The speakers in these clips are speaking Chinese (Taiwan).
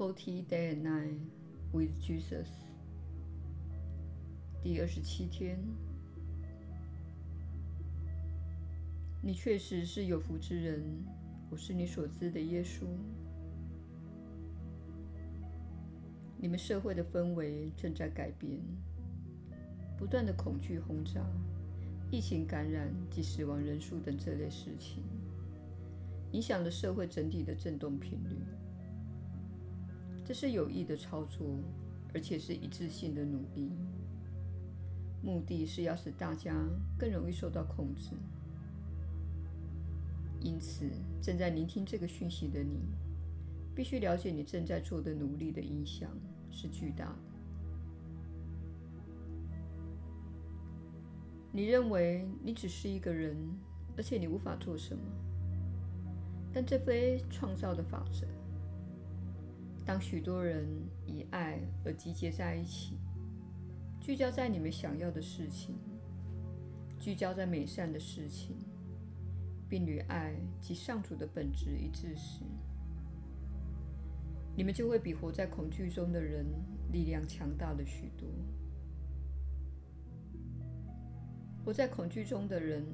Forty day and night with Jesus。第二十七天，你確實是有福之人。我是你所知的耶穌。你們社會的氛圍正在改變，不斷的恐懼轟炸、疫情感染及死亡人數等這類事情，影響了社會整體的振動頻率。這是有意的操作，而且是一致性的努力，目的是要使大家更容易受到控制。因此，正在聆聽這個訊息的你，必須了解你正在做的努力的影響是巨大的。你認為你只是一個人，而且你無法做什麼，但這非創造的法則。當許多人以愛而集結在一起，聚焦在你們想要的事情，聚焦在美善的事情，並與愛及上主的本質一致時，你們就會比活在恐懼中的人力量強大了許多。活在恐懼中的人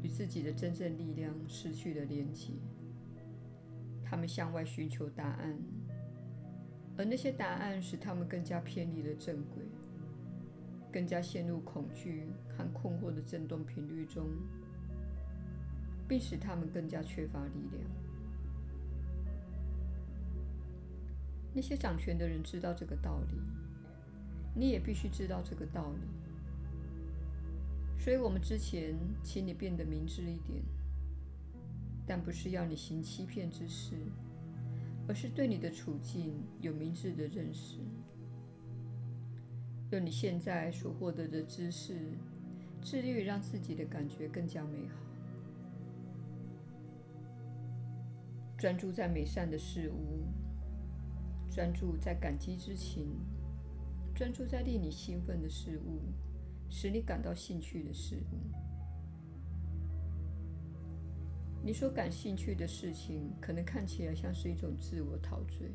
與自己的真正力量失去了連結，他們向外尋求答案。而那些答案使他們更加偏離了正軌，更加陷入恐懼和困惑的振動頻率中，並使他們更加缺乏力量。那些掌權的人知道這個道理，你也必須知道這個道理。所以，我們之前，請你變得明智一點，但不是要你行欺騙之事。而是對你的處境有明智的認識，用你現在所獲得的知識，致力讓自己的感覺更加美好。專注在美善的事物，專注在感激之情，專注在令你興奮的事物，使你感到興趣的事物。你所感興趣的事情，可能看起來像是一種自我陶醉，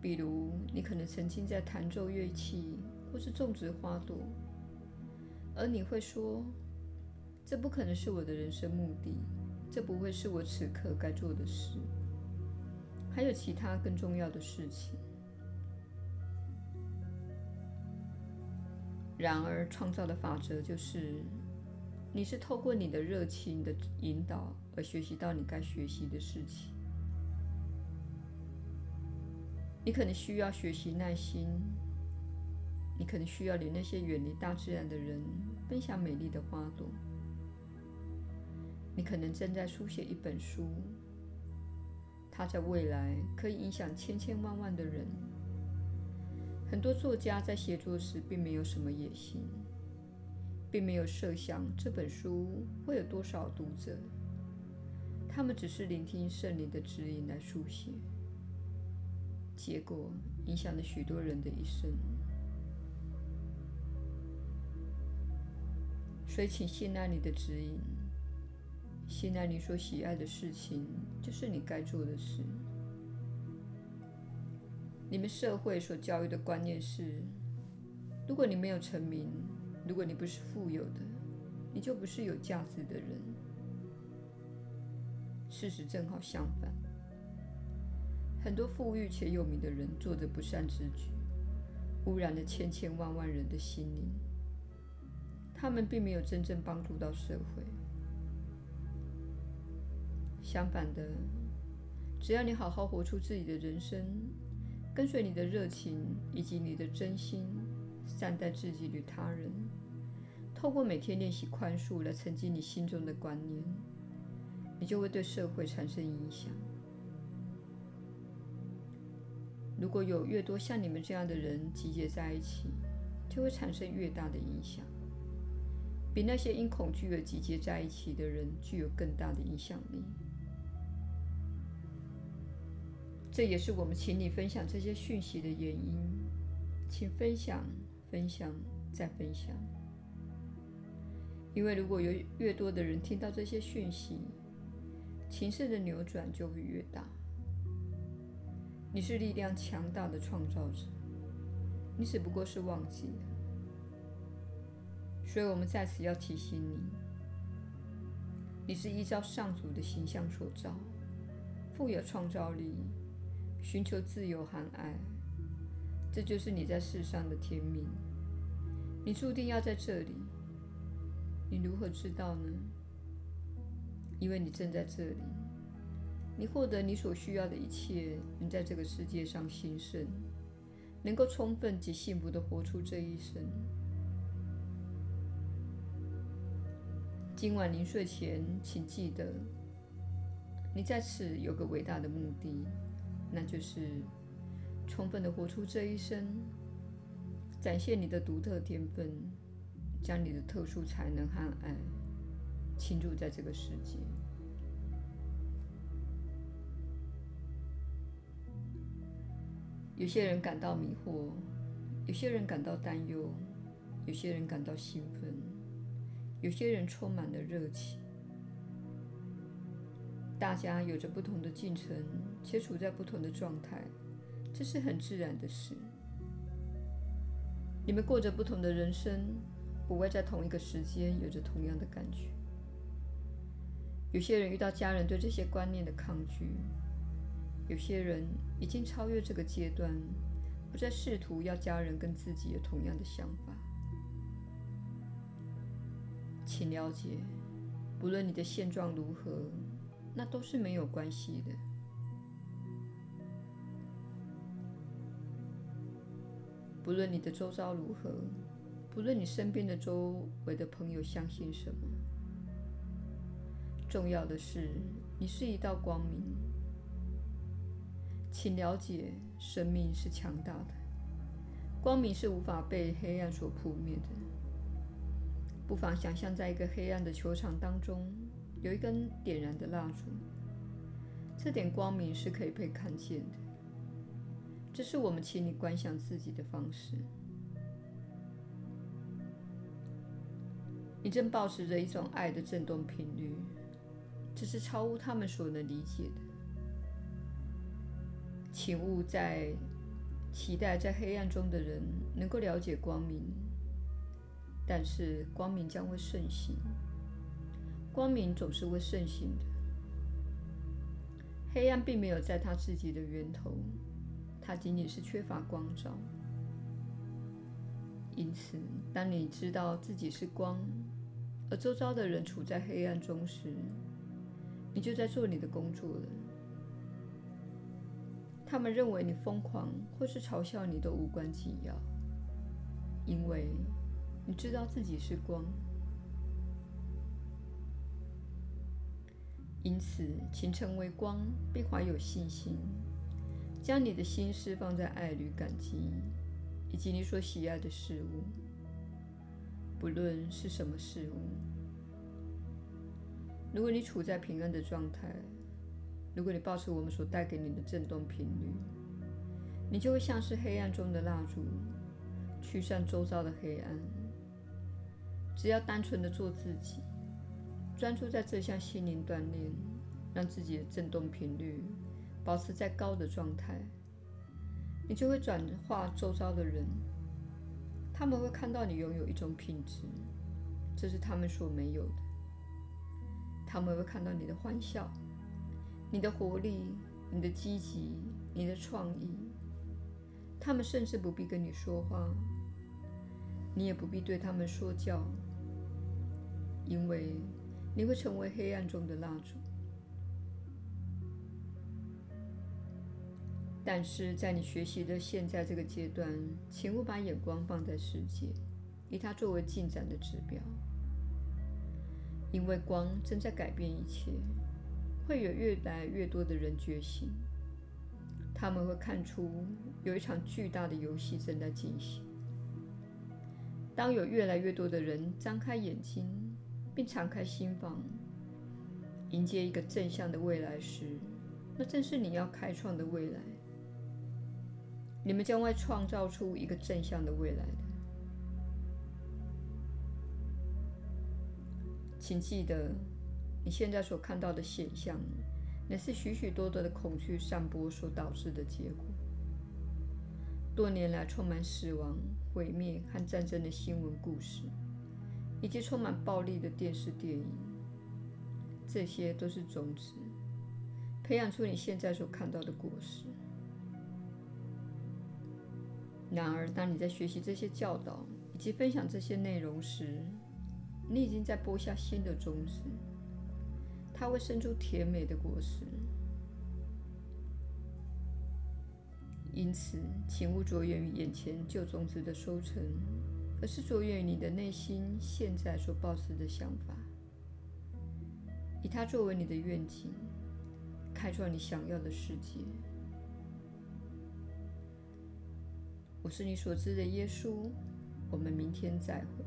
比如你可能曾經在彈奏樂器，或是種植花朵，而你會說：“這不可能是我的人生目的，這不會是我此刻該做的事，還有其他更重要的事情。”然而，創造的法則就是。你是透過你的熱情的引導而學習到你該學習的事情。你可能需要學習耐心。你可能需要與那些遠離大自然的人分享美麗的花朵。你可能正在書寫一本書，它在未來可以影響千千萬萬的人。很多作家在寫作時並沒有什麼野心。並沒有設想這本書會有多少讀者，他們只是聆聽聖靈的指引來書寫，結果影響了許多人的一生。所以，請信賴你的指引，信賴你所喜愛的事情就是你該做的事。你們社會所教育的觀念是，如果你沒有成名，如果你不是富有的，你就不是有價值的人。事實正好相反。很多富裕且有名的人做着不善之舉，污染了千千萬萬人的心靈。他們並沒有真正幫助到社會。相反的，只要你好好活出自己的人生，跟隨你的熱情以及你的真心。善待自己與他人，透過每天練習寬恕來澄清你心中的觀念，你就會對社會產生影響。如果有越多像你們這樣的人集結在一起，就會產生越大的影響，比那些因恐懼而集結在一起的人具有更大的影響力。這也是我們請你分享這些訊息的原因，請分享。分享，再分享。因為如果有越多的人聽到這些訊息，情勢的扭轉就會越大。你是力量強大的創造者，你只不過是忘記了。所以我們在此要提醒你：你是依照上主的形象所造，富有創造力，尋求自由和愛，這就是你在世上的天命。你注定要在這裡，你如何知道呢？因為你正在這裡，你獲得你所需要的一切，你在這個世界上興盛，能夠充分及幸福地活出這一生。今晚臨睡前，請記得，你在此有個偉大的目的，那就是充分地活出這一生。展現你的獨特天分，將你的特殊才能和愛傾注在這個世界。有些人感到迷惑，有些人感到擔憂，有些人感到興奮，有些人充滿了熱情。大家有着不同的進程，且處在不同的狀態，這是很自然的事。你們過着不同的人生，不會在同一個時間有着同樣的感覺。有些人遇到家人對這些觀念的抗拒，有些人已經超越這個階段，不再試圖要家人跟自己有同樣的想法。請了解，不論你的現狀如何，那都是沒有關係的。不論你的周遭如何，不論你身邊的周圍的朋友相信什麼，重要的是你是一道光明。請了解，生命是強大的，光明是無法被黑暗所撲滅的。不妨想象，在一個黑暗的球場當中，有一根點燃的蠟燭，這點光明是可以被看見的。這是我們請你觀想自己的方式。你正抱持着一種愛的振動頻率，這是超乎他們所能理解的。請勿在期待在黑暗中的人能夠了解光明，但是光明將會盛行，光明總是會盛行的。黑暗並沒有在它自己的源頭。它僅僅是缺乏光照。因此，當你知道自己是光，而周遭的人處在黑暗中時，你就在做你的工作了。他們認為你瘋狂或是嘲笑你都無關緊要，因為你知道自己是光。因此，請成為光，並懷有信心。將你的心思放在愛與感激，以及你所喜愛的事物，不論是什麼事物。如果你處在平安的狀態，如果你抱持我們所帶給你的振動頻率，你就會像是黑暗中的蠟燭，驅散周遭的黑暗。只要單純地做自己，專注在這項心靈鍛煉，讓自己的振動頻率保持在高的狀態，你就會轉化周遭的人，他們會看到你擁有一種品質，這是他們所沒有的。他們會看到你的歡笑、你的活力、你的積極、你的創意。他們甚至不必跟你說話，你也不必對他們說教，因為你會成為黑暗中的蠟燭。但是在你學習的現在這個階段，請勿把眼光放在世界，以它作為進展的指標。因為光正在改變一切，會有越來越多的人覺醒，他們會看出有一場巨大的遊戲正在進行。當有越來越多的人張開眼睛，並敞開心房，迎接一個正向的未來時，那正是你要開創的未來。你們將會創造出一個正向的未來的。請記得，你現在所看到的顯相，乃是許許多多的恐懼散播所導致的結果。多年來充滿死亡、毀滅和戰爭的新聞故事，以及充滿暴力的電視電影，這些都是種子，培養出你現在所看到的果實。然而，當你在學習這些教導以及分享這些內容時，你已經在播下新的種子，它會生出甜美的果實。因此，請勿着眼於眼前舊種子的收成，而是着眼於你的內心現在所抱持的想法，以它作為你的願景，開創你想要的世界。我是你所知的耶穌，我們明天再會。